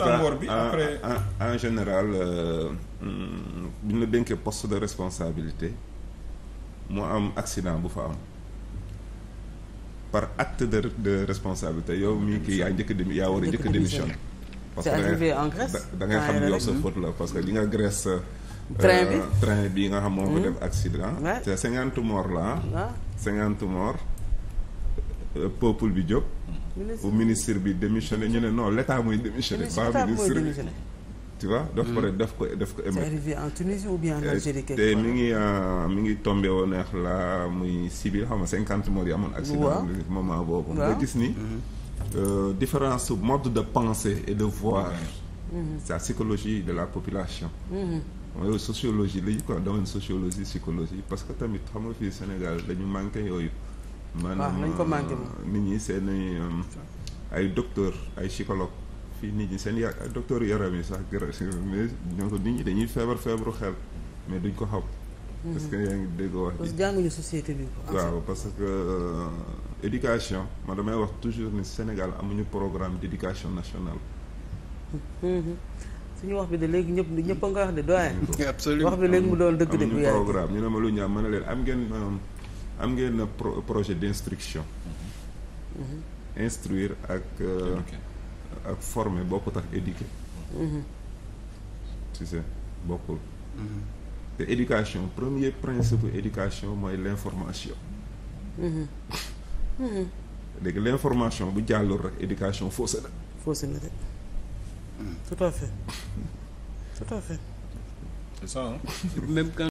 tàngoor bi après en en général euh, mm, bu ñu la dénkee poste de responsabilité moo am accident bu fa am par acte de de responsabilité yow mii kii yaa njëkk dem yaa war a njëkk démission parce que da ngay xam yow sa faute la parce que li nga Grèce euh, train bi train bi nga xam moo ko hmm? def accident te cinquante morts la cinquante morts euh, peuple bi jóg bu ministre bi démissionné ñu ne non l' état mooy démissionné pas ministre bi tu vois daf ko hmm. daf ko daf ko émettre. c'est arrivé en Tunisie ou te mi ngi euh, mi ngi tombé woon neex la muy sibil xam nga cinquante morts yi amoon accident moment boobu nga gis ni hmm. euh, différence mode de pensée et de voir hmm. sa psychologie de la population mooy sociologie lañu quoi domaine sociologie psychologie parce que tamit xam nga fii Sénégal dañu manqué yooyu maanaam nañ ko manqué euh, nit ñi seen euh, ay docteur ay psychologue fii nit ñi seen yaakaar docteur yaram yi sax mais ñoo ko nit ñi dañuy feebar feebaru xel mais duñ ko xam. parce mhm. que yaa ngi dégg wax. parce que jànguñu bi. Ah, waaw parce que euh, éducation ma damay wax toujours ni Sénégal amuñu programme d' éducation nationale. Mhm. suñu wax bi de léegi ñëpp ñëpp a nga wax de doyen. absolument wax bi léegi mu doon dëgg de bu yaay. programme ñu ne ma lu am ma ne leen am ngeen. am ngeen na projet d'instruction mm-hmm. instruire ak euh, ak former bokkut ak éduquer mm-hmm. bokkul mm-hmm. te éducation premier principe éducation mooy l'information léegi l'information bu jàllul rek éducation fausse na fausse na rek mm. tout à fait tout à fait